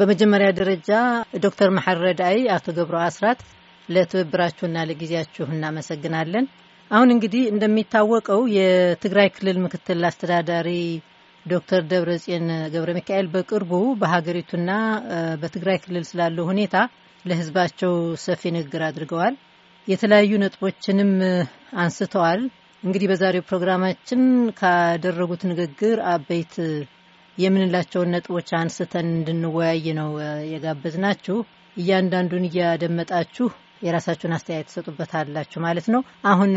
በመጀመሪያ ደረጃ ዶክተር መሐረዳይ አቶ ገብሩ አስራት ለትብብራችሁና ለጊዜያችሁ እናመሰግናለን። አሁን እንግዲህ እንደሚታወቀው የትግራይ ክልል ምክትል አስተዳዳሪ ዶክተር ደብረጽዮን ገብረ ሚካኤል በቅርቡ በሀገሪቱና በትግራይ ክልል ስላለው ሁኔታ ለሕዝባቸው ሰፊ ንግግር አድርገዋል። የተለያዩ ነጥቦችንም አንስተዋል። እንግዲህ በዛሬው ፕሮግራማችን ካደረጉት ንግግር አበይት የምንላቸውን ነጥቦች አንስተን እንድንወያይ ነው የጋበዝናችሁ። እያንዳንዱን እያደመጣችሁ የራሳችሁን አስተያየት ትሰጡበታላችሁ ማለት ነው። አሁን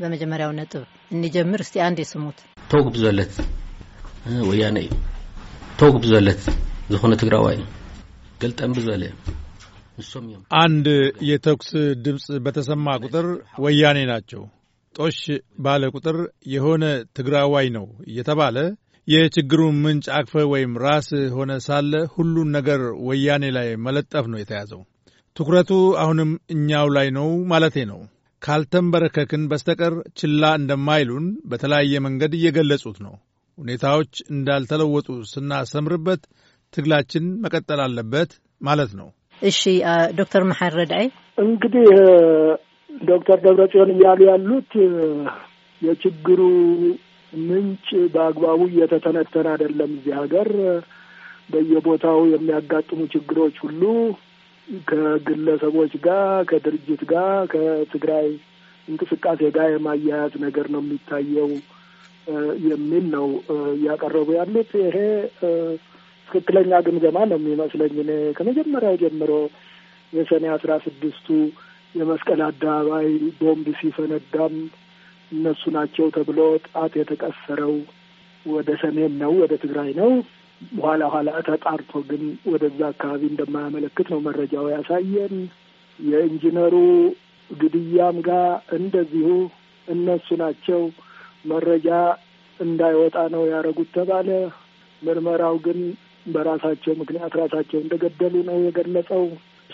በመጀመሪያው ነጥብ እንጀምር። እስቲ አንድ የስሙት ተውግብ ዘለት ወያነ እዩ ዝኾነ ትግራዋይ ገልጠን ብዘለ አንድ የተኩስ ድምፅ በተሰማ ቁጥር ወያኔ ናቸው ጦሽ ባለ ቁጥር የሆነ ትግራዋይ ነው እየተባለ የችግሩን ምንጭ አቅፈ ወይም ራስ ሆነ ሳለ ሁሉን ነገር ወያኔ ላይ መለጠፍ ነው የተያዘው። ትኩረቱ አሁንም እኛው ላይ ነው ማለቴ ነው። ካልተንበረከክን በስተቀር ችላ እንደማይሉን በተለያየ መንገድ እየገለጹት ነው። ሁኔታዎች እንዳልተለወጡ ስናሰምርበት ትግላችን መቀጠል አለበት ማለት ነው። እሺ ዶክተር መሐሪ ረዳይ እንግዲህ ዶክተር ደብረጽዮን እያሉ ያሉት የችግሩ ምንጭ በአግባቡ እየተተነተነ አይደለም። እዚህ ሀገር በየቦታው የሚያጋጥሙ ችግሮች ሁሉ ከግለሰቦች ጋር፣ ከድርጅት ጋር፣ ከትግራይ እንቅስቃሴ ጋር የማያያዝ ነገር ነው የሚታየው የሚል ነው እያቀረቡ ያሉት። ይሄ ትክክለኛ ግምገማ ነው የሚመስለኝ። እኔ ከመጀመሪያው ጀምሮ የሰኔ አስራ ስድስቱ የመስቀል አደባባይ ቦምብ ሲፈነዳም እነሱ ናቸው ተብሎ ጣት የተቀሰረው ወደ ሰሜን ነው፣ ወደ ትግራይ ነው። ኋላ ኋላ ተጣርቶ ግን ወደዛ አካባቢ እንደማያመለክት ነው መረጃው ያሳየን። የኢንጂነሩ ግድያም ጋር እንደዚሁ እነሱ ናቸው መረጃ እንዳይወጣ ነው ያደረጉት ተባለ። ምርመራው ግን በራሳቸው ምክንያት ራሳቸው እንደገደሉ ነው የገለጸው።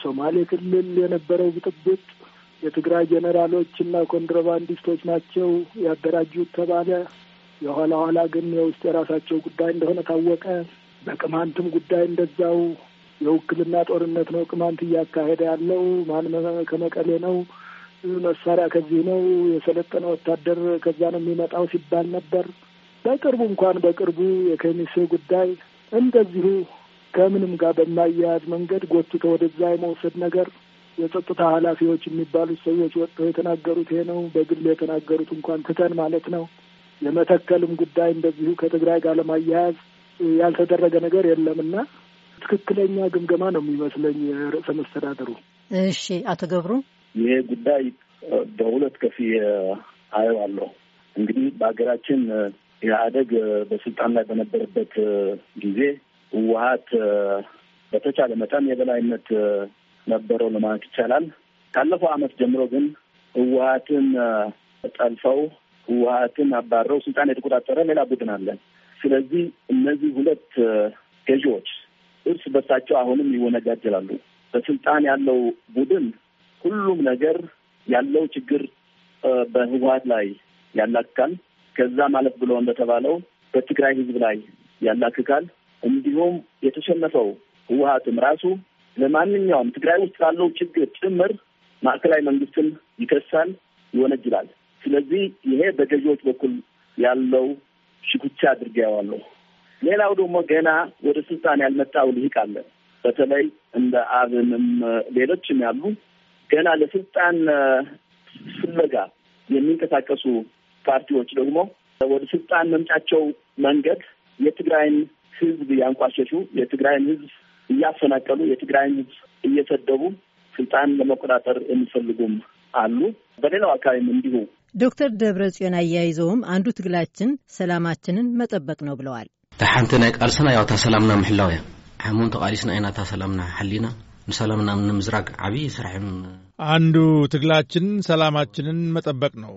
ሶማሌ ክልል የነበረው ብጥብጥ የትግራይ ጄኔራሎች እና ኮንትሮባንዲስቶች ናቸው ያደራጁት ተባለ። የኋላ ኋላ ግን የውስጥ የራሳቸው ጉዳይ እንደሆነ ታወቀ። በቅማንትም ጉዳይ እንደዛው የውክልና ጦርነት ነው። ቅማንት እያካሄደ ያለው ማን ከመቀሌ ነው፣ መሳሪያ ከዚህ ነው፣ የሰለጠነ ወታደር ከዛ ነው የሚመጣው ሲባል ነበር። በቅርቡ እንኳን በቅርቡ የከሚሴ ጉዳይ እንደዚሁ ከምንም ጋር በማያያዝ መንገድ ጎትቶ ወደዛ የመውሰድ ነገር የጸጥታ ኃላፊዎች የሚባሉት ሰዎች ወጥተው የተናገሩት ይሄ ነው። በግል የተናገሩት እንኳን ትተን ማለት ነው። የመተከልም ጉዳይ እንደዚሁ ከትግራይ ጋር ለማያያዝ ያልተደረገ ነገር የለምና ትክክለኛ ግምገማ ነው የሚመስለኝ የርዕሰ መስተዳደሩ እሺ፣ አቶ ገብሩ ይሄ ጉዳይ በሁለት ከፍዬ አየዋለሁ። እንግዲህ በሀገራችን የአደግ በስልጣን ላይ በነበረበት ጊዜ ህወሀት በተቻለ መጠን የበላይነት ነበረው ለማለት ይቻላል። ካለፈው አመት ጀምሮ ግን ህወሀትን ጠልፈው ህወሀትን አባረው ስልጣን የተቆጣጠረ ሌላ ቡድን አለ። ስለዚህ እነዚህ ሁለት ገዢዎች እርስ በርሳቸው አሁንም ይወነጃጀላሉ። በስልጣን ያለው ቡድን ሁሉም ነገር ያለው ችግር በህወሀት ላይ ያላክካል። ከዛ ማለት ብሎ እንደተባለው በትግራይ ህዝብ ላይ ያላክካል። እንዲሁም የተሸነፈው ህወሀትም ራሱ ለማንኛውም ትግራይ ውስጥ ላለው ችግር ጭምር ማዕከላዊ መንግስትን ይከሳል፣ ይወነጅላል። ስለዚህ ይሄ በገዢዎች በኩል ያለው ሽኩቻ አድርጌዋለሁ። ሌላው ደግሞ ገና ወደ ስልጣን ያልመጣው ልሂቅ አለ። በተለይ እንደ አብንም ሌሎችም ያሉ ገና ለስልጣን ፍለጋ የሚንቀሳቀሱ ፓርቲዎች ደግሞ ወደ ስልጣን መምጫቸው መንገድ የትግራይን ህዝብ ያንቋሸሹ የትግራይን ህዝብ እያፈናቀሉ የትግራይን እየሰደቡ ስልጣን ለመቆጣጠር የሚፈልጉም አሉ። በሌላው አካባቢም እንዲሁ። ዶክተር ደብረ ጽዮን አያይዘውም አንዱ ትግላችን ሰላማችንን መጠበቅ ነው ብለዋል። ሓንቲ ናይ ቃልስና ያው እታ ሰላምና ምሕላው እያ ሓሙን ተቃሊስና ኢና እታ ሰላምና ሓሊና ንሰላምና ንምዝራግ ዓብዪ ስራሕ አንዱ ትግላችን ሰላማችንን መጠበቅ ነው።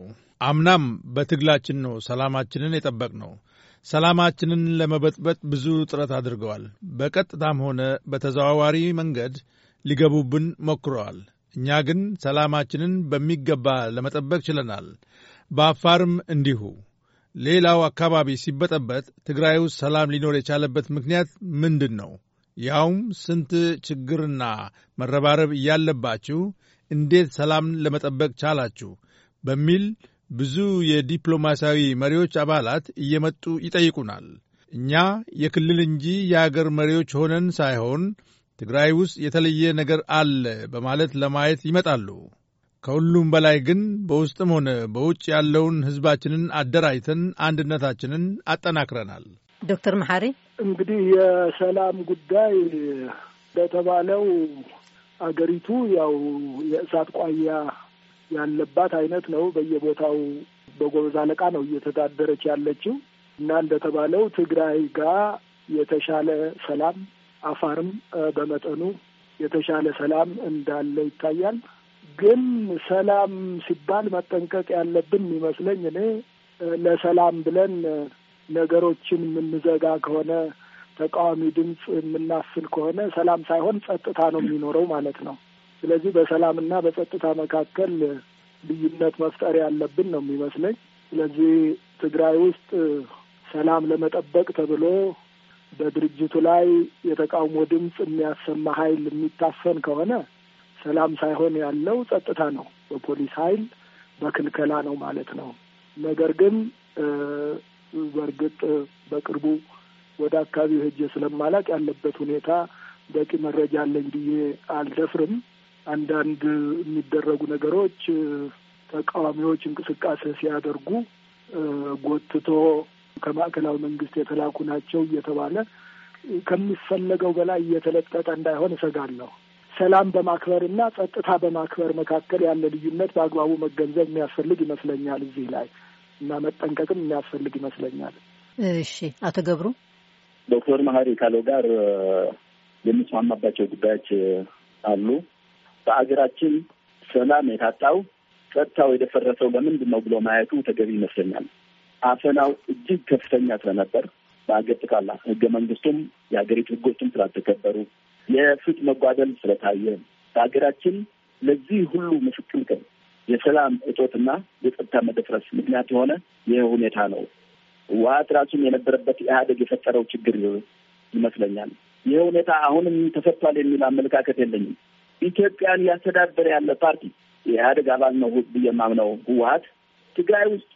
አምናም በትግላችን ነው ሰላማችንን የጠበቅ ነው። ሰላማችንን ለመበጥበጥ ብዙ ጥረት አድርገዋል። በቀጥታም ሆነ በተዘዋዋሪ መንገድ ሊገቡብን ሞክረዋል። እኛ ግን ሰላማችንን በሚገባ ለመጠበቅ ችለናል። በአፋርም እንዲሁ። ሌላው አካባቢ ሲበጠበት ትግራይ ውስጥ ሰላም ሊኖር የቻለበት ምክንያት ምንድን ነው? ያውም ስንት ችግርና መረባረብ እያለባችሁ እንዴት ሰላምን ለመጠበቅ ቻላችሁ? በሚል ብዙ የዲፕሎማሲያዊ መሪዎች አባላት እየመጡ ይጠይቁናል። እኛ የክልል እንጂ የአገር መሪዎች ሆነን ሳይሆን ትግራይ ውስጥ የተለየ ነገር አለ በማለት ለማየት ይመጣሉ። ከሁሉም በላይ ግን በውስጥም ሆነ በውጭ ያለውን ሕዝባችንን አደራጅተን አንድነታችንን አጠናክረናል። ዶክተር መሐሪ እንግዲህ የሰላም ጉዳይ እንደተባለው አገሪቱ ያው የእሳት ቋያ ያለባት አይነት ነው። በየቦታው በጎበዝ አለቃ ነው እየተዳደረች ያለችው እና እንደተባለው ትግራይ ጋር የተሻለ ሰላም፣ አፋርም በመጠኑ የተሻለ ሰላም እንዳለ ይታያል። ግን ሰላም ሲባል መጠንቀቅ ያለብን የሚመስለኝ እኔ ለሰላም ብለን ነገሮችን የምንዘጋ ከሆነ ተቃዋሚ ድምፅ የምናፍል ከሆነ ሰላም ሳይሆን ጸጥታ ነው የሚኖረው ማለት ነው። ስለዚህ በሰላምና በጸጥታ መካከል ልዩነት መፍጠር ያለብን ነው የሚመስለኝ። ስለዚህ ትግራይ ውስጥ ሰላም ለመጠበቅ ተብሎ በድርጅቱ ላይ የተቃውሞ ድምፅ የሚያሰማ ኃይል የሚታፈን ከሆነ ሰላም ሳይሆን ያለው ጸጥታ ነው፣ በፖሊስ ኃይል በክልከላ ነው ማለት ነው። ነገር ግን በእርግጥ በቅርቡ ወደ አካባቢው ሄጄ ስለማላቅ ያለበት ሁኔታ በቂ መረጃ አለኝ ብዬ አልደፍርም። አንዳንድ የሚደረጉ ነገሮች ተቃዋሚዎች እንቅስቃሴ ሲያደርጉ ጎትቶ ከማዕከላዊ መንግስት የተላኩ ናቸው እየተባለ ከሚፈለገው በላይ እየተለጠጠ እንዳይሆን እሰጋለሁ። ሰላም በማክበር እና ጸጥታ በማክበር መካከል ያለ ልዩነት በአግባቡ መገንዘብ የሚያስፈልግ ይመስለኛል እዚህ ላይ እና መጠንቀቅም የሚያስፈልግ ይመስለኛል። እሺ፣ አቶ ገብሩ ዶክተር መሀሪ ካለው ጋር የሚስማማባቸው ጉዳዮች አሉ። በአገራችን ሰላም የታጣው ጸጥታው የደፈረሰው ለምንድን ነው ብሎ ማየቱ ተገቢ ይመስለኛል። አፈናው እጅግ ከፍተኛ ስለነበር በአገር ጥቃላ ህገ መንግስቱም የሀገሪቱ ህጎችም ስላልተከበሩ የፍት መጓደል ስለታየ በሀገራችን ለዚህ ሁሉ ምስቅልቅል የሰላም እጦትና የጸጥታ መደፍረስ ምክንያት የሆነ ይህ ሁኔታ ነው። ህወሓት ራሱም የነበረበት ኢህአዴግ የፈጠረው ችግር ይመስለኛል። ይህ ሁኔታ አሁንም ተፈቷል የሚል አመለካከት የለኝም። ኢትዮጵያን እያስተዳደረ ያለ ፓርቲ የኢህአደግ አባል ነው ብዬ የማምነው ህወሀት ትግራይ ውስጥ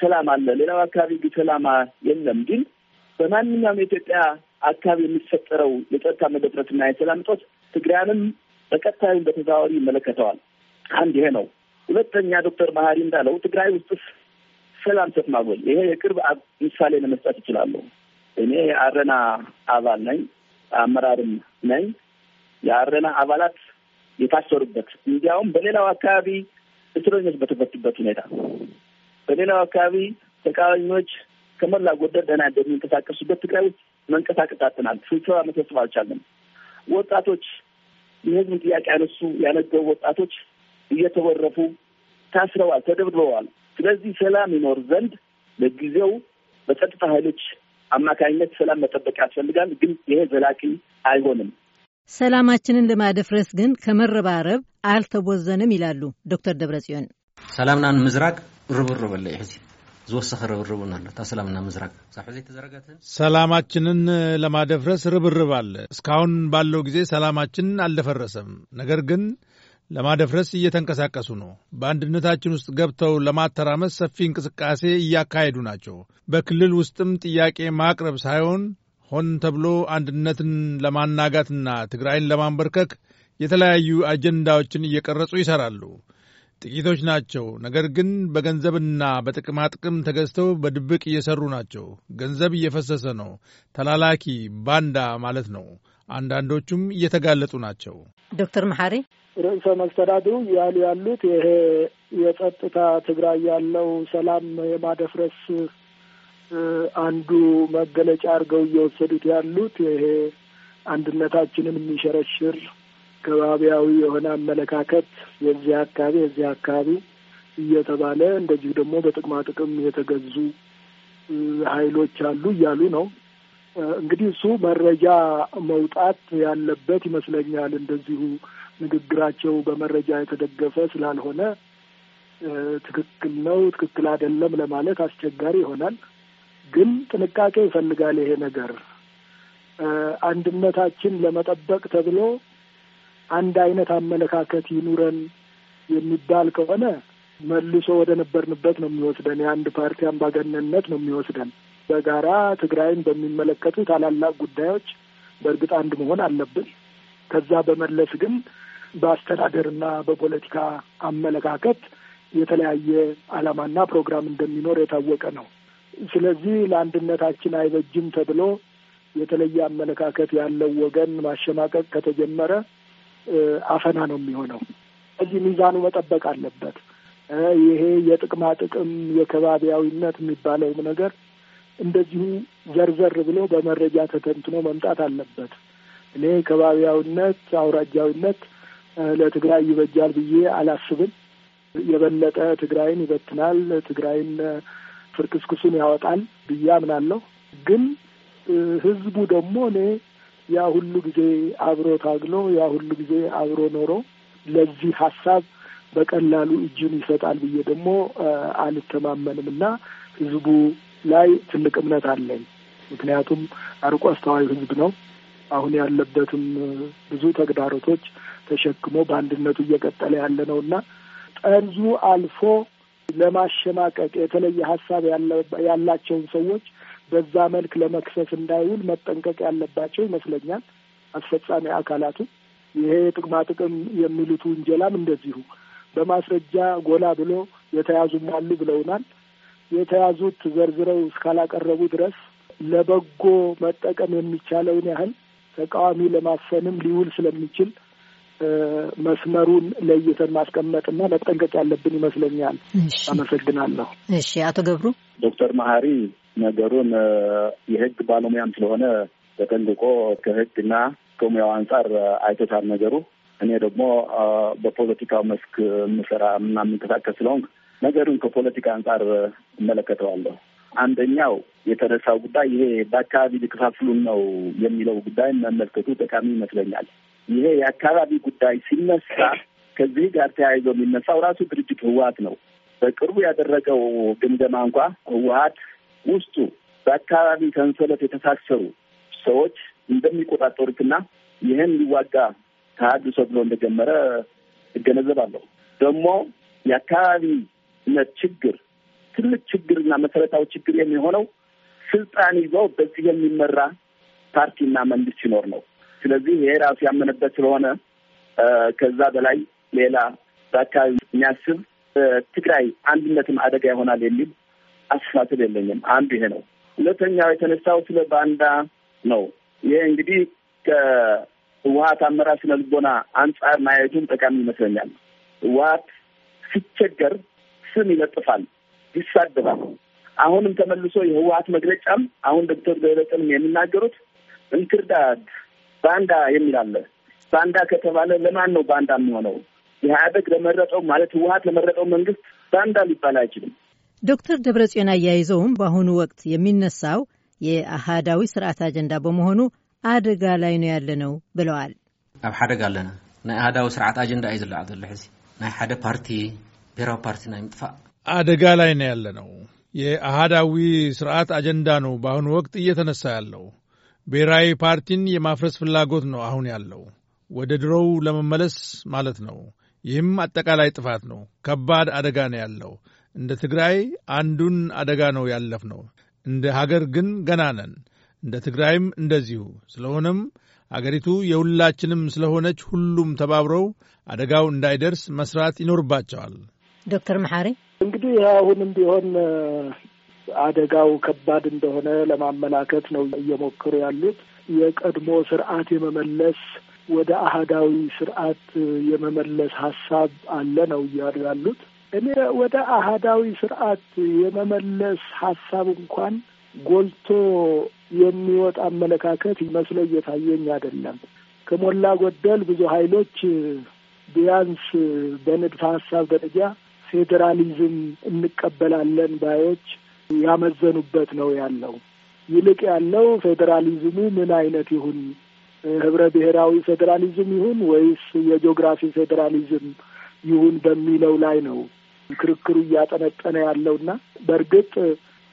ሰላም አለ። ሌላው አካባቢ ሰላም የለም። ግን በማንኛውም የኢትዮጵያ አካባቢ የሚፈጠረው የጸጥታ መደፍረትና የሰላም እጦት ትግራይንም በቀጥታዊም በተዘዋዋሪ ይመለከተዋል። አንድ ይሄ ነው። ሁለተኛ ዶክተር መሀሪ እንዳለው ትግራይ ውስጥ ሰላም ሰትማጎል ይሄ የቅርብ ምሳሌ ለመስጠት ይችላለሁ። እኔ የአረና አባል ነኝ፣ አመራርም ነኝ። የአረና አባላት የታሰሩበት እንዲያውም በሌላው አካባቢ እስረኞች በተፈቱበት ሁኔታ በሌላው አካባቢ ተቃዋሚዎች ከመላ ጎደል ደህና እንደሚንቀሳቀሱበት ትግራይ ውስጥ መንቀሳቀስ አጥተናል። ስብሰባ መሰብሰብ አልቻለም። ወጣቶች የህዝብን ጥያቄ ያነሱ ያነገቡ ወጣቶች እየተወረፉ ታስረዋል፣ ተደብድበዋል። ስለዚህ ሰላም ይኖር ዘንድ ለጊዜው በጸጥታ ኃይሎች አማካኝነት ሰላም መጠበቅ ያስፈልጋል። ግን ይሄ ዘላቂ አይሆንም። ሰላማችንን ለማደፍረስ ግን ከመረባረብ አልተቦዘንም ይላሉ ዶክተር ደብረጽዮን። ሰላምና ምዝራቅ ርብርብ ኣሎ ዝወሰኺ ርብርብ ኣሎ እታ ሰላምና ምዝራቅ ሰላማችንን ለማደፍረስ ርብርብ አለ። እስካሁን ባለው ጊዜ ሰላማችንን አልደፈረሰም። ነገር ግን ለማደፍረስ እየተንቀሳቀሱ ነው። በአንድነታችን ውስጥ ገብተው ለማተራመስ ሰፊ እንቅስቃሴ እያካሄዱ ናቸው። በክልል ውስጥም ጥያቄ ማቅረብ ሳይሆን ሆን ተብሎ አንድነትን ለማናጋትና ትግራይን ለማንበርከክ የተለያዩ አጀንዳዎችን እየቀረጹ ይሠራሉ። ጥቂቶች ናቸው። ነገር ግን በገንዘብና በጥቅማጥቅም ተገዝተው በድብቅ እየሠሩ ናቸው። ገንዘብ እየፈሰሰ ነው። ተላላኪ ባንዳ ማለት ነው። አንዳንዶቹም እየተጋለጡ ናቸው። ዶክተር መሐሪ ርዕሰ መስተዳድሩ እያሉ ያሉት ይሄ የጸጥታ ትግራይ ያለው ሰላም የማደፍረስ አንዱ መገለጫ አድርገው እየወሰዱት ያሉት ይሄ አንድነታችንን የሚሸረሽር ከባቢያዊ የሆነ አመለካከት የዚህ አካባቢ የዚህ አካባቢ እየተባለ እንደዚሁ ደግሞ በጥቅማ ጥቅም የተገዙ ኃይሎች አሉ እያሉ ነው። እንግዲህ እሱ መረጃ መውጣት ያለበት ይመስለኛል። እንደዚሁ ንግግራቸው በመረጃ የተደገፈ ስላልሆነ ትክክል ነው፣ ትክክል አይደለም ለማለት አስቸጋሪ ይሆናል። ግን ጥንቃቄ ይፈልጋል ይሄ ነገር። አንድነታችን ለመጠበቅ ተብሎ አንድ አይነት አመለካከት ይኑረን የሚባል ከሆነ መልሶ ወደ ነበርንበት ነው የሚወስደን። የአንድ ፓርቲ አምባገነንነት ነው የሚወስደን። በጋራ ትግራይን በሚመለከቱ ታላላቅ ጉዳዮች በእርግጥ አንድ መሆን አለብን። ከዛ በመለስ ግን በአስተዳደርና በፖለቲካ አመለካከት የተለያየ ዓላማና ፕሮግራም እንደሚኖር የታወቀ ነው። ስለዚህ ለአንድነታችን አይበጅም ተብሎ የተለየ አመለካከት ያለው ወገን ማሸማቀቅ ከተጀመረ አፈና ነው የሚሆነው። እዚህ ሚዛኑ መጠበቅ አለበት። ይሄ የጥቅማ ጥቅም የከባቢያዊነት የሚባለውም ነገር እንደዚሁ ዘርዘር ብሎ በመረጃ ተተንትኖ መምጣት አለበት። እኔ ከባቢያዊነት፣ አውራጃዊነት ለትግራይ ይበጃል ብዬ አላስብም። የበለጠ ትግራይን ይበትናል፣ ትግራይን ፍርክስክሱን ያወጣል ብዬ አምናለሁ። ግን ህዝቡ ደግሞ እኔ ያ ሁሉ ጊዜ አብሮ ታግሎ ያ ሁሉ ጊዜ አብሮ ኖሮ ለዚህ ሀሳብ በቀላሉ እጁን ይሰጣል ብዬ ደግሞ አልተማመንም እና ህዝቡ ላይ ትልቅ እምነት አለኝ። ምክንያቱም አርቆ አስተዋይ ህዝብ ነው። አሁን ያለበትም ብዙ ተግዳሮቶች ተሸክሞ በአንድነቱ እየቀጠለ ያለ ነው እና ጠርዙ አልፎ ለማሸማቀቅ የተለየ ሀሳብ ያላቸውን ሰዎች በዛ መልክ ለመክሰስ እንዳይውል መጠንቀቅ ያለባቸው ይመስለኛል አስፈጻሚ አካላቱ። ይሄ ጥቅማ ጥቅም የሚሉት ውንጀላም እንደዚሁ በማስረጃ ጎላ ብሎ የተያዙም አሉ ብለውናል። የተያዙት ዘርዝረው እስካላቀረቡ ድረስ ለበጎ መጠቀም የሚቻለውን ያህል ተቃዋሚ ለማፈንም ሊውል ስለሚችል መስመሩን ለይተን ማስቀመጥና መጠንቀቅ ያለብን ይመስለኛል። አመሰግናለሁ። እሺ፣ አቶ ገብሩ። ዶክተር መሀሪ ነገሩን የህግ ባለሙያም ስለሆነ ተጠንቅቆ ከህግና ከሙያው አንጻር አይቶታል ነገሩ። እኔ ደግሞ በፖለቲካው መስክ የምሰራ እና የምንቀሳቀስ ስለሆንክ ነገሩን ከፖለቲካ አንጻር እመለከተዋለሁ። አንደኛው የተነሳው ጉዳይ ይሄ በአካባቢ ሊከፋፍሉን ነው የሚለው ጉዳይ መመልከቱ ጠቃሚ ይመስለኛል። ይሄ የአካባቢ ጉዳይ ሲነሳ ከዚህ ጋር ተያይዞ የሚነሳው ራሱ ድርጅት ህወሀት ነው። በቅርቡ ያደረገው ግምገማ እንኳ ህወሀት ውስጡ በአካባቢ ሰንሰለት የተሳሰሩ ሰዎች እንደሚቆጣጠሩትና ይህን ሊዋጋ ተሀድሶ ብሎ እንደጀመረ እገነዘባለሁ። ደግሞ የአካባቢነት ችግር ትልቅ ችግርና መሰረታዊ ችግር የሚሆነው ስልጣን ይዞ በዚህ የሚመራ ፓርቲና መንግስት ሲኖር ነው። ስለዚህ ይሄ ራሱ ያመነበት ስለሆነ ከዛ በላይ ሌላ በአካባቢ የሚያስብ ትግራይ አንድነትም አደጋ ይሆናል የሚል አስተሳሰብ የለኝም። አንዱ ይሄ ነው። ሁለተኛው የተነሳው ስለ ባንዳ ነው። ይሄ እንግዲህ ከህወሀት አመራር ስነ ልቦና አንጻር ማየቱን ጠቃሚ ይመስለኛል። ህወሀት ሲቸገር ስም ይለጥፋል፣ ይሳደባል። አሁንም ተመልሶ የህወሀት መግለጫም አሁን ዶክተር ደብረጽዮንም የሚናገሩት እንክርዳድ ባንዳ የሚል አለ። ባንዳ ከተባለ ለማን ነው ባንዳ የሚሆነው? ኢህአዴግ ለመረጠው ማለት ህወሀት ለመረጠው መንግስት ባንዳ ሊባል አይችልም። ዶክተር ደብረጽዮን አያይዘውም በአሁኑ ወቅት የሚነሳው የአህዳዊ ስርዓት አጀንዳ በመሆኑ አደጋ ላይ ነው ያለ ነው ብለዋል። ኣብ ሓደጋ ኣለና ናይ ኣህዳዊ ስርዓት ኣጀንዳ እዩ ዝለዓል ዘሎ ሕዚ ናይ ሓደ ፓርቲ ብሔራዊ ፓርቲ ናይ ምጥፋእ አደጋ ላይ ነው ያለ ነው። የአህዳዊ ስርዓት አጀንዳ ነው በአሁኑ ወቅት እየተነሳ ያለው ብሔራዊ ፓርቲን የማፍረስ ፍላጎት ነው አሁን ያለው፣ ወደ ድሮው ለመመለስ ማለት ነው። ይህም አጠቃላይ ጥፋት ነው። ከባድ አደጋ ነው ያለው። እንደ ትግራይ አንዱን አደጋ ነው ያለፍ ነው። እንደ ሀገር ግን ገና ነን። እንደ ትግራይም እንደዚሁ። ስለሆነም አገሪቱ የሁላችንም ስለሆነች ሁሉም ተባብረው አደጋው እንዳይደርስ መስራት ይኖርባቸዋል። ዶክተር መሐሪ እንግዲህ አሁንም ቢሆን አደጋው ከባድ እንደሆነ ለማመላከት ነው እየሞከሩ ያሉት። የቀድሞ ስርዓት የመመለስ ወደ አህዳዊ ስርዓት የመመለስ ሀሳብ አለ ነው እያሉ ያሉት። እኔ ወደ አህዳዊ ስርዓት የመመለስ ሀሳብ እንኳን ጎልቶ የሚወጣ አመለካከት መስሎ እየታየኝ አይደለም። ከሞላ ጎደል ብዙ ኃይሎች ቢያንስ በንድፈ ሀሳብ ደረጃ ፌዴራሊዝም እንቀበላለን ባዮች ያመዘኑበት ነው ያለው። ይልቅ ያለው ፌዴራሊዝሙ ምን አይነት ይሁን ህብረ ብሔራዊ ፌዴራሊዝም ይሁን ወይስ የጂኦግራፊ ፌዴራሊዝም ይሁን በሚለው ላይ ነው ክርክሩ እያጠነጠነ ያለውና በእርግጥ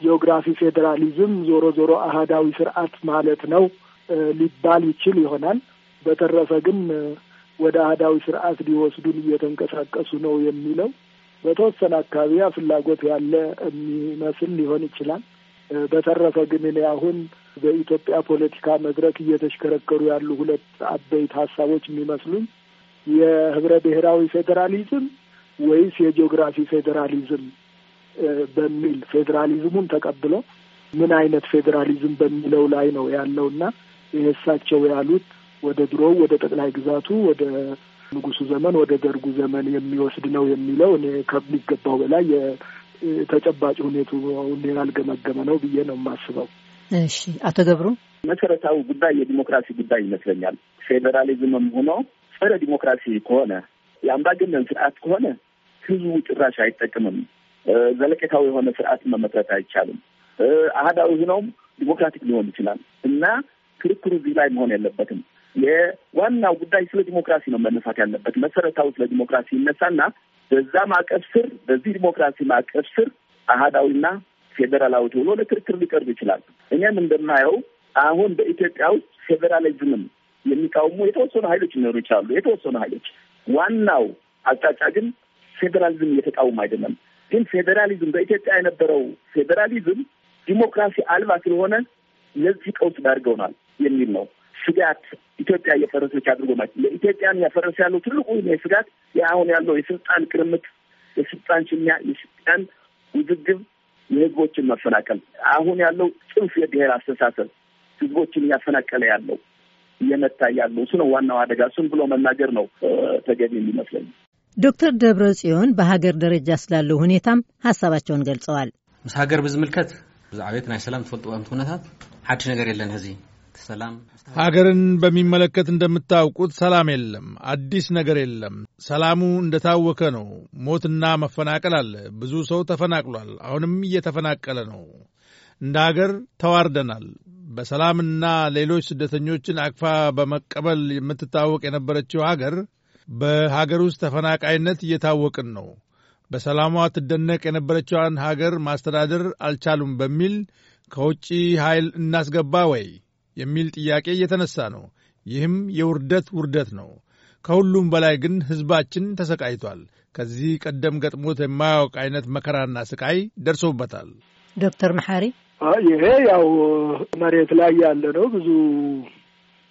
ጂኦግራፊ ፌዴራሊዝም ዞሮ ዞሮ አህዳዊ ስርዓት ማለት ነው ሊባል ይችል ይሆናል። በተረፈ ግን ወደ አህዳዊ ስርዓት ሊወስዱን እየተንቀሳቀሱ ነው የሚለው በተወሰነ አካባቢ ያ ፍላጎት ያለ የሚመስል ሊሆን ይችላል። በተረፈ ግን እኔ አሁን በኢትዮጵያ ፖለቲካ መድረክ እየተሽከረከሩ ያሉ ሁለት አበይት ሀሳቦች የሚመስሉኝ የህብረ ብሔራዊ ፌዴራሊዝም ወይስ የጂኦግራፊ ፌዴራሊዝም በሚል ፌዴራሊዝሙን ተቀብሎ ምን አይነት ፌዴራሊዝም በሚለው ላይ ነው ያለውና የእሳቸው ያሉት ወደ ድሮው ወደ ጠቅላይ ግዛቱ ወደ ንጉሱ ዘመን ወደ ደርጉ ዘመን የሚወስድ ነው የሚለው እኔ ከሚገባው በላይ የተጨባጭ ሁኔታውን ያልገመገመ ነው ብዬ ነው የማስበው። እሺ፣ አቶ ገብሩ መሰረታዊ ጉዳይ የዲሞክራሲ ጉዳይ ይመስለኛል። ፌዴራሊዝምም ሆኖ ጸረ ዲሞክራሲ ከሆነ የአምባገነን ስርዓት ከሆነ ህዝቡ ጭራሽ አይጠቅምም። ዘለቄታዊ የሆነ ስርዓት መመስረት አይቻልም። አህዳዊ ሆኖም ዲሞክራቲክ ሊሆን ይችላል እና ክርክሩ እዚህ ላይ መሆን የለበትም። የዋናው ጉዳይ ስለ ዲሞክራሲ ነው መነሳት ያለበት። መሰረታዊ ስለ ዲሞክራሲ ይነሳና በዛ ማዕቀፍ ስር በዚህ ዲሞክራሲ ማዕቀፍ ስር አህዳዊና ፌዴራላዊ ተብሎ ለክርክር ሊቀርብ ይችላል። እኛም እንደማየው አሁን በኢትዮጵያ ውስጥ ፌዴራሊዝምም የሚቃወሙ የተወሰኑ ኃይሎች ሊኖሩ ይችላሉ። የተወሰኑ ኃይሎች ዋናው አቅጣጫ ግን ፌዴራሊዝም እየተቃወሙ አይደለም። ግን ፌዴራሊዝም በኢትዮጵያ የነበረው ፌዴራሊዝም ዲሞክራሲ አልባ ስለሆነ ለዚህ ቀውስ ዳርገውናል የሚል ነው። ስጋት ኢትዮጵያ እየፈረሰች አድርጎ ማለት ለኢትዮጵያን ያፈረሰ ያለው ትልቁ ስጋት የአሁን ያለው የስልጣን ቅርምት፣ የስልጣን ሽሚያ፣ የስልጣን ውዝግብ፣ የህዝቦችን መፈናቀል አሁን ያለው ጽንፍ የብሔር አስተሳሰብ ህዝቦችን እያፈናቀለ ያለው እየመታ ያለው እሱ ነው ዋናው አደጋ። እሱን ብሎ መናገር ነው ተገቢ የሚመስለኝ። ዶክተር ደብረ ጽዮን በሀገር ደረጃ ስላለው ሁኔታም ሀሳባቸውን ገልጸዋል። ምስ ሀገር ብዝምልከት ብዛዕቤት ናይ ሰላም ትፈልጥ ወምት ኩነታት ሓድሽ ነገር የለን ህዚ ሰላም ሀገርን በሚመለከት እንደምታውቁት ሰላም የለም፣ አዲስ ነገር የለም። ሰላሙ እንደታወከ ነው። ሞትና መፈናቀል አለ። ብዙ ሰው ተፈናቅሏል፣ አሁንም እየተፈናቀለ ነው። እንደ ሀገር ተዋርደናል። በሰላምና ሌሎች ስደተኞችን አቅፋ በመቀበል የምትታወቅ የነበረችው ሀገር በሀገር ውስጥ ተፈናቃይነት እየታወቅን ነው። በሰላሟ ትደነቅ የነበረችዋን ሀገር ማስተዳደር አልቻሉም በሚል ከውጪ ኃይል እናስገባ ወይ? የሚል ጥያቄ እየተነሳ ነው። ይህም የውርደት ውርደት ነው። ከሁሉም በላይ ግን ሕዝባችን ተሰቃይቷል። ከዚህ ቀደም ገጥሞት የማያውቅ አይነት መከራና ስቃይ ደርሶበታል። ዶክተር መሐሪ ይሄ ያው መሬት ላይ ያለ ነው። ብዙ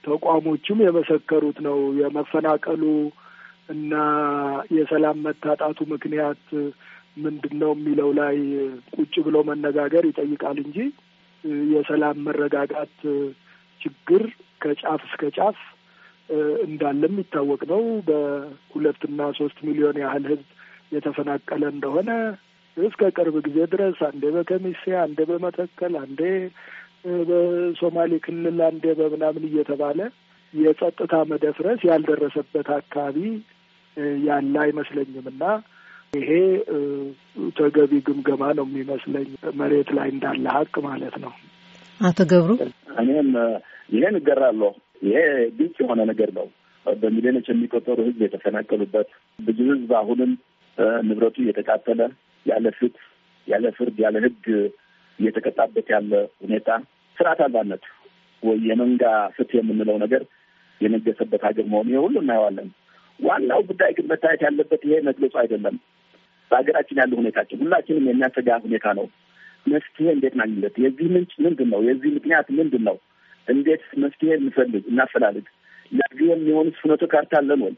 ተቋሞችም የመሰከሩት ነው። የመፈናቀሉ እና የሰላም መታጣቱ ምክንያት ምንድን ነው የሚለው ላይ ቁጭ ብሎ መነጋገር ይጠይቃል እንጂ የሰላም መረጋጋት ችግር ከጫፍ እስከ ጫፍ እንዳለ የሚታወቅ ነው። በሁለትና ሶስት ሚሊዮን ያህል ህዝብ የተፈናቀለ እንደሆነ እስከ ቅርብ ጊዜ ድረስ አንዴ በከሚሴ አንዴ በመተከል አንዴ በሶማሌ ክልል አንዴ በምናምን እየተባለ የጸጥታ መደፍረስ ያልደረሰበት አካባቢ ያለ አይመስለኝም እና ይሄ ተገቢ ግምገማ ነው የሚመስለኝ መሬት ላይ እንዳለ ሀቅ ማለት ነው። አቶ ገብሩ? እኔም ይሄን እገራለሁ። ይሄ ግልጽ የሆነ ነገር ነው። በሚሊዮኖች የሚቆጠሩ ህዝብ የተፈናቀሉበት ብዙ ህዝብ አሁንም ንብረቱ እየተቃጠለ ያለ ፍት ያለ ፍርድ፣ ያለ ህግ እየተቀጣበት ያለ ሁኔታ ስርዓት አልባነት ወይ የመንጋ ፍትህ የምንለው ነገር የነገሰበት ሀገር መሆኑ ይሄ ሁሉ እናየዋለን። ዋናው ጉዳይ ግን መታየት ያለበት ይሄ መግለጹ አይደለም። በሀገራችን ያለ ሁኔታችን ሁላችንም የሚያሰጋ ሁኔታ ነው። መፍትሄ እንዴት ማግኘት፣ የዚህ ምንጭ ምንድን ነው? የዚህ ምክንያት ምንድን ነው? እንዴት መፍትሄ እንፈልግ እናፈላልግ? ለዚህ የሚሆኑ ፍኖተ ካርታ አለን ወይ?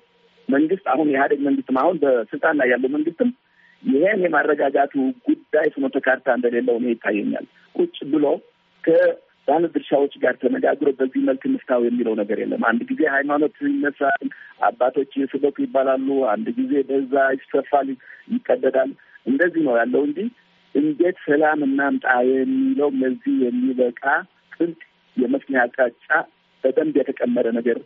መንግስት አሁን የኢህአዴግ መንግስትም አሁን በስልጣን ላይ ያለው መንግስትም ይህን የማረጋጋቱ ጉዳይ ፍኖተ ካርታ እንደሌለው እኔ ይታየኛል። ቁጭ ብሎ ከባለ ድርሻዎች ጋር ተነጋግሮ በዚህ መልክ እንፍታው የሚለው ነገር የለም። አንድ ጊዜ ሃይማኖት ይነሳል፣ አባቶች ስበኩ ይባላሉ። አንድ ጊዜ በዛ ይሰፋል፣ ይቀደዳል። እንደዚህ ነው ያለው እንጂ እንዴት ሰላም እናምጣ የሚለው ለዚህ የሚበቃ ጥልቅ የመፍትሄ አቅጣጫ በደንብ የተቀመረ ነገር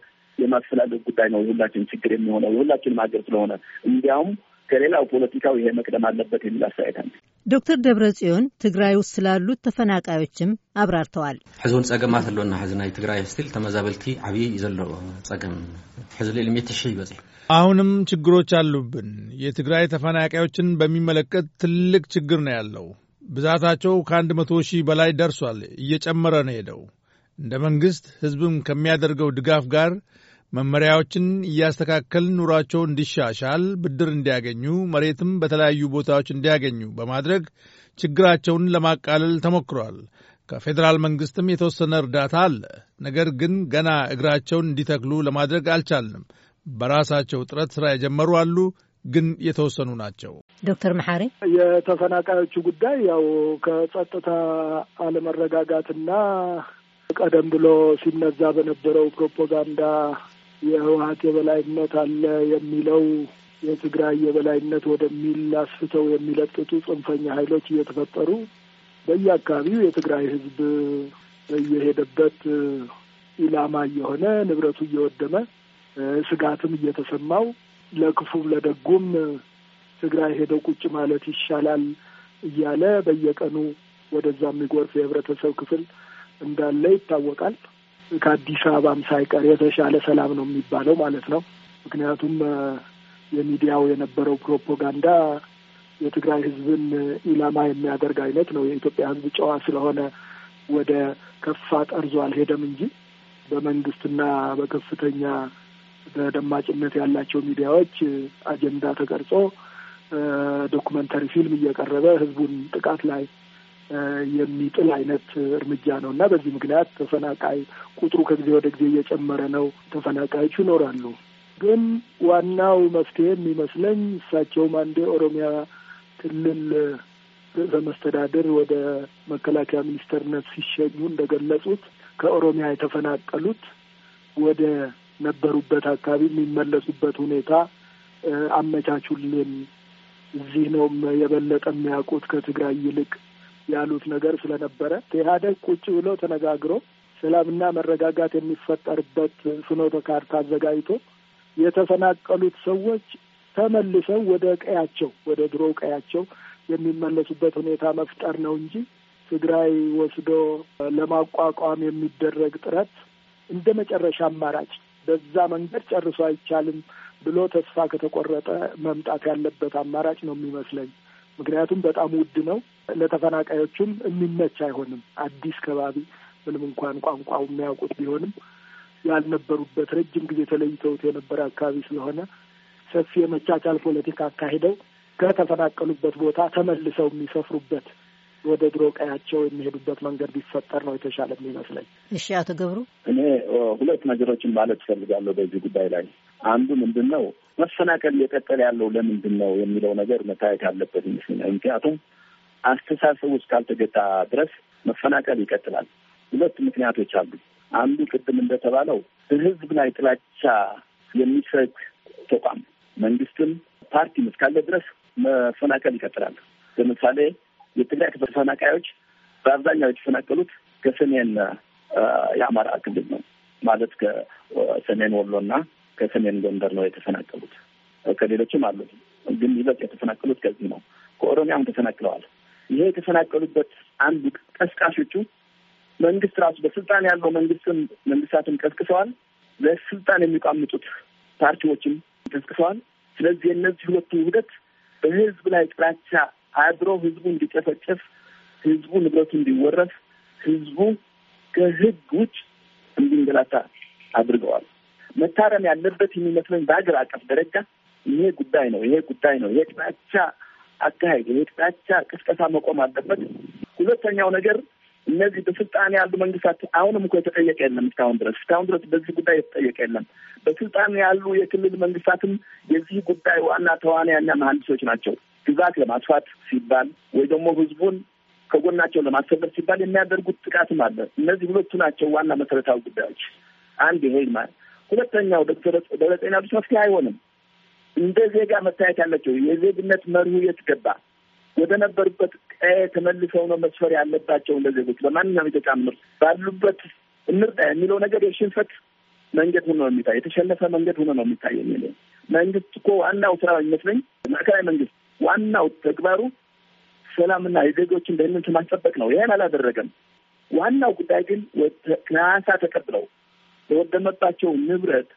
የማፈላለግ ጉዳይ ነው። የሁላችን ችግር የሚሆነው የሁላችንም ሀገር ስለሆነ እንዲያውም ከሌላው ፖለቲካው ይሄ መቅደም አለበት የሚል አስተያየት አለ። ዶክተር ደብረ ጽዮን ትግራይ ውስጥ ስላሉት ተፈናቃዮችም አብራርተዋል። ሕዝቡን ጸገማት ኣሎና ሕዚ ናይ ትግራይ ስትል ተመዛበልቲ ዓብዪ እዩ ዘሎ ጸገም ሕዚ ልዕል ሜት ሽሕ ይበፅሕ አሁንም ችግሮች አሉብን። የትግራይ ተፈናቃዮችን በሚመለከት ትልቅ ችግር ነው ያለው። ብዛታቸው ከአንድ መቶ ሺህ በላይ ደርሷል። እየጨመረ ነው ሄደው እንደ መንግሥት ሕዝብም ከሚያደርገው ድጋፍ ጋር መመሪያዎችን እያስተካከልን ኑሯቸው እንዲሻሻል፣ ብድር እንዲያገኙ፣ መሬትም በተለያዩ ቦታዎች እንዲያገኙ በማድረግ ችግራቸውን ለማቃለል ተሞክሯል። ከፌዴራል መንግሥትም የተወሰነ እርዳታ አለ። ነገር ግን ገና እግራቸውን እንዲተክሉ ለማድረግ አልቻልንም። በራሳቸው ጥረት ሥራ የጀመሩ አሉ ግን የተወሰኑ ናቸው። ዶክተር መሐሪ የተፈናቃዮቹ ጉዳይ ያው ከጸጥታ አለመረጋጋትና ቀደም ብሎ ሲነዛ በነበረው ፕሮፓጋንዳ የህወሀት የበላይነት አለ የሚለው የትግራይ የበላይነት ወደሚል አስፍተው የሚለጥጡ ጽንፈኛ ኃይሎች እየተፈጠሩ በየአካባቢው የትግራይ ህዝብ እየሄደበት ኢላማ እየሆነ ንብረቱ እየወደመ ስጋትም እየተሰማው ለክፉም ለደጉም ትግራይ ሄደው ቁጭ ማለት ይሻላል እያለ በየቀኑ ወደዛ የሚጎርፍ የህብረተሰብ ክፍል እንዳለ ይታወቃል። ከአዲስ አበባም ሳይቀር የተሻለ ሰላም ነው የሚባለው ማለት ነው። ምክንያቱም የሚዲያው የነበረው ፕሮፓጋንዳ የትግራይ ህዝብን ኢላማ የሚያደርግ አይነት ነው። የኢትዮጵያ ህዝብ ጨዋ ስለሆነ ወደ ከፋ ጠርዞ አልሄደም እንጂ በመንግስትና በከፍተኛ በደማጭነት ያላቸው ሚዲያዎች አጀንዳ ተቀርጾ ዶኩመንተሪ ፊልም እየቀረበ ህዝቡን ጥቃት ላይ የሚጥል አይነት እርምጃ ነው እና በዚህ ምክንያት ተፈናቃይ ቁጥሩ ከጊዜ ወደ ጊዜ እየጨመረ ነው። ተፈናቃዮቹ ይኖራሉ። ግን ዋናው መፍትሄ የሚመስለኝ እሳቸውም አንዴ ኦሮሚያ ክልል ርዕሰ መስተዳድር ወደ መከላከያ ሚኒስተርነት ሲሸኙ እንደገለጹት ከኦሮሚያ የተፈናቀሉት ወደ ነበሩበት አካባቢ የሚመለሱበት ሁኔታ አመቻቹልን። እዚህ ነው የበለጠ የሚያውቁት ከትግራይ ይልቅ ያሉት ነገር ስለነበረ ኢህአዴግ ቁጭ ብሎ ተነጋግሮ ሰላምና መረጋጋት የሚፈጠርበት ፍኖተ ካርታ አዘጋጅቶ የተፈናቀሉት ሰዎች ተመልሰው ወደ ቀያቸው ወደ ድሮ ቀያቸው የሚመለሱበት ሁኔታ መፍጠር ነው እንጂ ትግራይ ወስዶ ለማቋቋም የሚደረግ ጥረት እንደ መጨረሻ አማራጭ በዛ መንገድ ጨርሶ አይቻልም ብሎ ተስፋ ከተቆረጠ መምጣት ያለበት አማራጭ ነው የሚመስለኝ። ምክንያቱም በጣም ውድ ነው። ለተፈናቃዮችም የሚመች አይሆንም። አዲስ ከባቢ ምንም እንኳን ቋንቋው የሚያውቁት ቢሆንም ያልነበሩበት ረጅም ጊዜ ተለይተውት የነበረ አካባቢ ስለሆነ ሰፊ የመቻቻል ፖለቲካ አካሂደው ከተፈናቀሉበት ቦታ ተመልሰው የሚሰፍሩበት ወደ ድሮ ቀያቸው የሚሄዱበት መንገድ ቢፈጠር ነው የተሻለ የሚመስለኝ። እሺ፣ አቶ ገብሩ፣ እኔ ሁለት ነገሮችን ማለት እፈልጋለሁ በዚህ ጉዳይ ላይ። አንዱ ምንድን ነው መፈናቀል እየቀጠለ ያለው ለምንድን ነው የሚለው ነገር መታየት ያለበት ይመስለኛል። ምክንያቱም አስተሳሰብ ውስጥ ካልተገታ ድረስ መፈናቀል ይቀጥላል። ሁለት ምክንያቶች አሉ። አንዱ ቅድም እንደተባለው በህዝብ ላይ ጥላቻ የሚሰግ ተቋም መንግስትም ፓርቲም እስካለ ድረስ መፈናቀል ይቀጥላል። ለምሳሌ የትግራይ ተፈናቃዮች በአብዛኛው የተፈናቀሉት ከሰሜን የአማራ ክልል ነው። ማለት ከሰሜን ወሎና ከሰሜን ጎንደር ነው የተፈናቀሉት። ከሌሎችም አሉ፣ ግን ይበልጥ የተፈናቀሉት ከዚህ ነው። ከኦሮሚያም ተፈናቅለዋል። ይሄ የተፈናቀሉበት አንዱ ቀስቃሾቹ መንግስት ራሱ በስልጣን ያለው መንግስትም መንግስታትን ቀስቅሰዋል። በስልጣን የሚቋምጡት ፓርቲዎችም ቀስቅሰዋል። ስለዚህ የእነዚህ ሁለቱ ውህደት በህዝብ ላይ ጥላቻ አድሮ ህዝቡ እንዲጨፈጨፍ፣ ህዝቡ ንብረቱ እንዲወረፍ፣ ህዝቡ ከህግ ውጭ እንዲንገላታ አድርገዋል። መታረም ያለበት የሚመስለኝ በሀገር አቀፍ ደረጃ ይሄ ጉዳይ ነው። ይሄ ጉዳይ ነው። ይሄ ጥላቻ አካሄድ የጥላቻ ቅስቀሳ መቆም አለበት። ሁለተኛው ነገር እነዚህ በስልጣን ያሉ መንግስታት አሁንም እኮ የተጠየቀ የለም እስካሁን ድረስ እስካሁን ድረስ በዚህ ጉዳይ የተጠየቀ የለም። በስልጣን ያሉ የክልል መንግስታትም የዚህ ጉዳይ ዋና ተዋናያና መሀንዲሶች ናቸው። ግዛት ለማስፋት ሲባል ወይ ደግሞ ህዝቡን ከጎናቸው ለማሰበር ሲባል የሚያደርጉት ጥቃትም አለ። እነዚህ ሁለቱ ናቸው ዋና መሰረታዊ ጉዳዮች። አንድ ይሄ ማለት ሁለተኛው ዶክተር ደብረጽዮን መፍትሄ አይሆንም እንደ ዜጋ መታየት ያለችው የዜግነት መርሁ የት ገባ? ወደ ነበሩበት ቀዬ ተመልሰው ነው መስፈር ያለባቸው። እንደ ዜጎች በማንኛውም ኢትዮጵያ ምር ባሉበት እንርዳ የሚለው ነገር የሽንፈት መንገድ ሆኖ ነው የሚታይ፣ የተሸነፈ መንገድ ሆኖ ነው የሚታይ የሚለ መንግስት እኮ ዋናው ስራ ይመስለኝ ማዕከላዊ መንግስት ዋናው ተግባሩ ሰላምና የዜጎችን ደህንነት ማስጠበቅ ነው። ይህን አላደረገም። ዋናው ጉዳይ ግን ከናሳ ተቀብለው የወደመባቸው ንብረት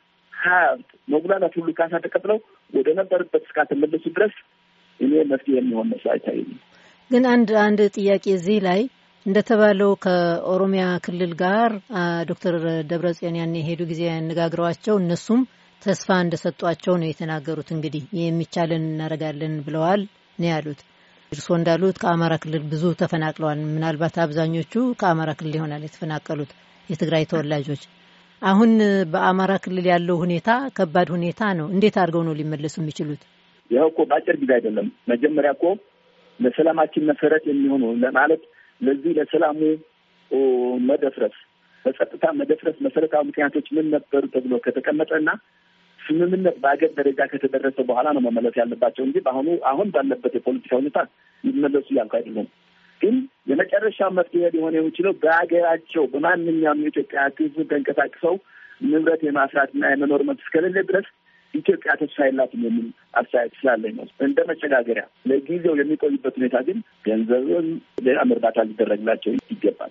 ሀብት መጉላላት ሁሉ ካሳ ተቀጥለው ወደ ነበርበት እስካትመለሱ ድረስ እኔ መፍትሄ የሚሆን መስ አይታይም። ግን አንድ አንድ ጥያቄ እዚህ ላይ እንደተባለው ከኦሮሚያ ክልል ጋር ዶክተር ደብረጽዮን ያን የሄዱ ጊዜ ያነጋግረዋቸው እነሱም ተስፋ እንደሰጧቸው ነው የተናገሩት። እንግዲህ የሚቻለን እናደርጋለን ብለዋል ነው ያሉት። እርስዎ እንዳሉት ከአማራ ክልል ብዙ ተፈናቅለዋል። ምናልባት አብዛኞቹ ከአማራ ክልል ይሆናል የተፈናቀሉት የትግራይ ተወላጆች አሁን በአማራ ክልል ያለው ሁኔታ ከባድ ሁኔታ ነው። እንዴት አድርገው ነው ሊመለሱ የሚችሉት? ይኸው እኮ በአጭር ጊዜ አይደለም። መጀመሪያ እኮ ለሰላማችን መሰረት የሚሆኑ ማለት ለዚህ ለሰላሙ መደፍረስ በጸጥታ መደፍረስ መሰረታዊ ምክንያቶች ምን ነበሩ ተብሎ ከተቀመጠና ስምምነት በአገር ደረጃ ከተደረሰ በኋላ ነው መመለስ ያለባቸው እንጂ በአሁኑ አሁን ባለበት የፖለቲካ ሁኔታ ይመለሱ እያልኩ አይደለም። ግን የመጨረሻ መፍትሄ ሊሆን የሚችለው በሀገራቸው በማንኛውም የኢትዮጵያ ሕዝብ ተንቀሳቅሰው ንብረት የማፍራትና የመኖር መብት እስከሌለ ድረስ ኢትዮጵያ ተስፋ የላትም የሚል አስተያየት ስላለኝ ነው። እንደ መሸጋገሪያ ለጊዜው የሚቆዩበት ሁኔታ ግን ገንዘብም ሌላም እርዳታ ሊደረግላቸው ይገባል።